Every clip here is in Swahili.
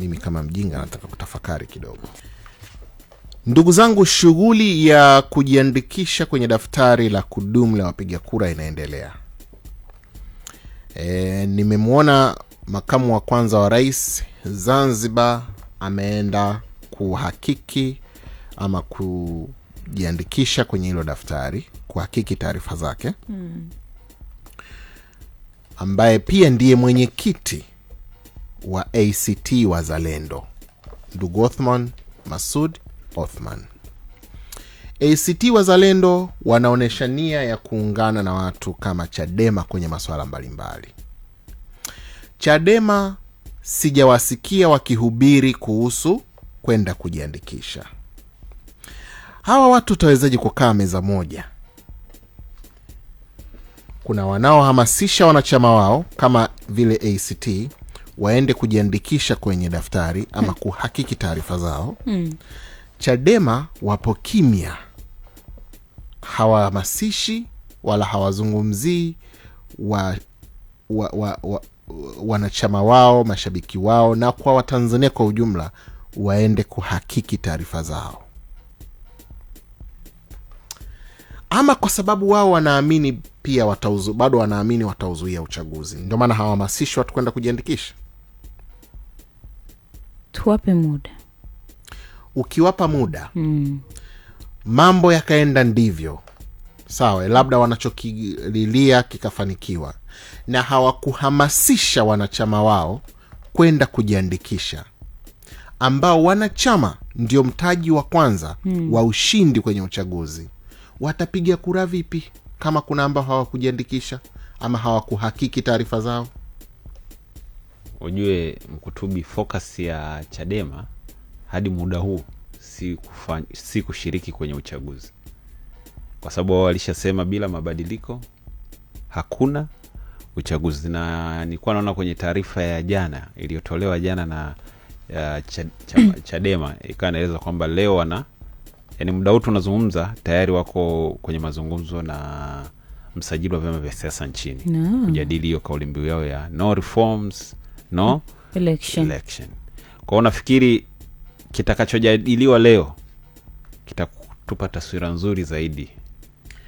mimi kama mjinga nataka kutafakari kidogo. Ndugu zangu, shughuli ya kujiandikisha kwenye daftari la kudumu la wapiga kura inaendelea. E, nimemwona makamu wa kwanza wa rais Zanzibar ameenda kuhakiki ama kujiandikisha kwenye hilo daftari, kuhakiki taarifa zake mm, ambaye pia ndiye mwenyekiti wa ACT Wazalendo, ndugu Othman Masud Othman. ACT Wazalendo wanaonyesha nia ya kuungana na watu kama Chadema kwenye masuala mbalimbali. Chadema sijawasikia wakihubiri kuhusu kwenda kujiandikisha. Hawa watu utawezaji kukaa meza moja? Kuna wanaohamasisha wanachama wao kama vile ACT waende kujiandikisha kwenye daftari ama hmm. kuhakiki taarifa zao hmm. Chadema wapo kimya, hawahamasishi wala hawazungumzii wa, wa, wa, wa, wanachama wao, mashabiki wao na kwa Watanzania kwa ujumla waende kuhakiki taarifa zao, ama kwa sababu wao wanaamini pia watauzu, bado wanaamini watauzuia uchaguzi, ndio maana hawahamasishi watu kwenda kujiandikisha tuwape muda. Ukiwapa muda mm. mambo yakaenda ndivyo sawa, labda wanachokililia kikafanikiwa, na hawakuhamasisha wanachama wao kwenda kujiandikisha, ambao wanachama ndio mtaji wa kwanza mm. wa ushindi kwenye uchaguzi, watapiga kura vipi kama kuna ambao hawakujiandikisha ama hawakuhakiki taarifa zao? ujue Mkutubi, focus ya Chadema hadi muda huu si, kufan, si kushiriki kwenye uchaguzi, kwa sababu wao walishasema bila mabadiliko hakuna uchaguzi. Na nilikuwa naona kwenye taarifa ya jana iliyotolewa jana na ya cha, cha, Chadema ikawa inaeleza kwamba leo wana yani, muda huu tunazungumza tayari wako kwenye mazungumzo na msajili wa vyama vya siasa nchini no. kujadili hiyo kauli mbiu yao ya no reforms no election, election. Kwao nafikiri kitakachojadiliwa leo kitatupa taswira nzuri zaidi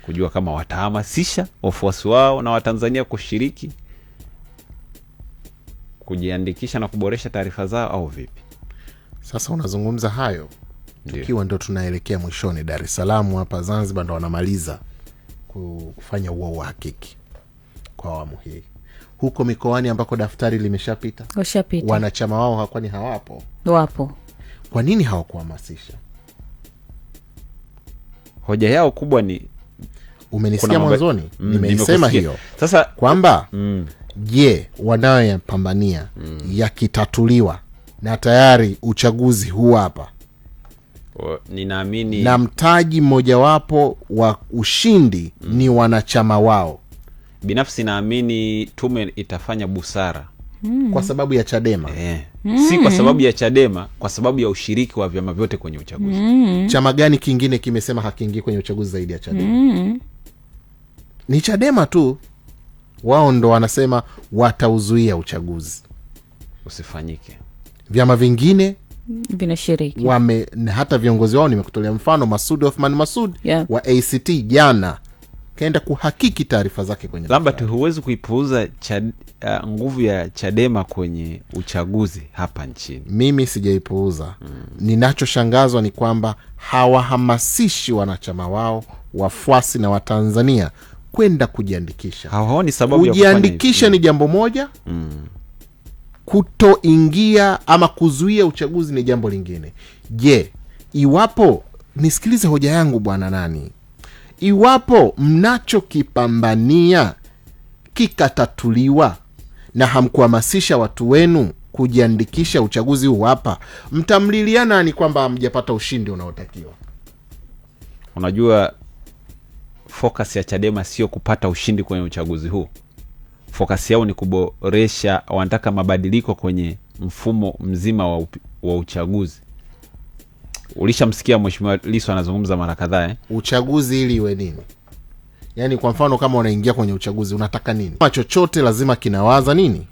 kujua kama watahamasisha wafuasi wao na Watanzania kushiriki kujiandikisha na kuboresha taarifa zao au vipi? Sasa unazungumza hayo tukiwa ndo tunaelekea mwishoni. Dar es Salaam hapa Zanzibar ndo wanamaliza kufanya uo uhakiki kwa awamu hii huko mikoani ambako daftari limeshapita, wanachama wao hakwani hawapo? Wapo. Kwa nini hawakuhamasisha? Hoja yao kubwa ni umenisikia mwanzoni, mm, nimeisema hiyo sasa kwamba mm, je, wanayoyapambania mm, yakitatuliwa na tayari uchaguzi huu hapa ninaamini na mtaji mmojawapo wa ushindi mm, ni wanachama wao binafsi naamini tume itafanya busara hmm. kwa sababu ya Chadema e. mm -hmm. si kwa hmm. sababu ya Chadema, kwa sababu ya ushiriki wa vyama vyote kwenye uchaguzi mm -hmm. Chama gani kingine kimesema hakiingii kwenye uchaguzi zaidi ya Chadema? mm -hmm. Ni Chadema tu, wao ndo wanasema watauzuia uchaguzi usifanyike. Vyama vingine vinashiriki wame, hata viongozi wao nimekutolea mfano Masud Othman Masud yeah. wa ACT jana kaenda kuhakiki taarifa zake kwenye Lambert, huwezi kuipuuza uh, nguvu ya Chadema kwenye uchaguzi hapa nchini. Mimi sijaipuuza mm. Ninachoshangazwa ni kwamba hawahamasishi wanachama wao, wafuasi na Watanzania kwenda kujiandikisha. Hawaoni sababu kujiandikisha. Ni jambo moja mm. Kutoingia ama kuzuia uchaguzi ni jambo lingine. Je, iwapo nisikilize hoja yangu bwana nani iwapo mnachokipambania kikatatuliwa na hamkuhamasisha watu wenu kujiandikisha uchaguzi huu hapa, mtamlilia nani kwamba amjapata ushindi unaotakiwa? Unajua, fokas ya Chadema sio kupata ushindi kwenye uchaguzi huu. fokasi yao ni kuboresha, wanataka mabadiliko kwenye mfumo mzima wa, wa uchaguzi ulishamsikia mweshimiwa liso anazungumza mara kadhaa eh? Uchaguzi ili iwe nini? Yaani kwa mfano kama unaingia kwenye uchaguzi unataka nini? Kama chochote lazima kinawaza nini?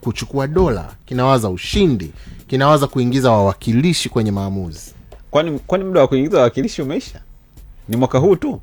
Kuchukua dola, kinawaza ushindi, kinawaza kuingiza wawakilishi kwenye maamuzi. Kwani kwani muda wa kuingiza wawakilishi umeisha? Ni mwaka huu tu.